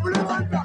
problema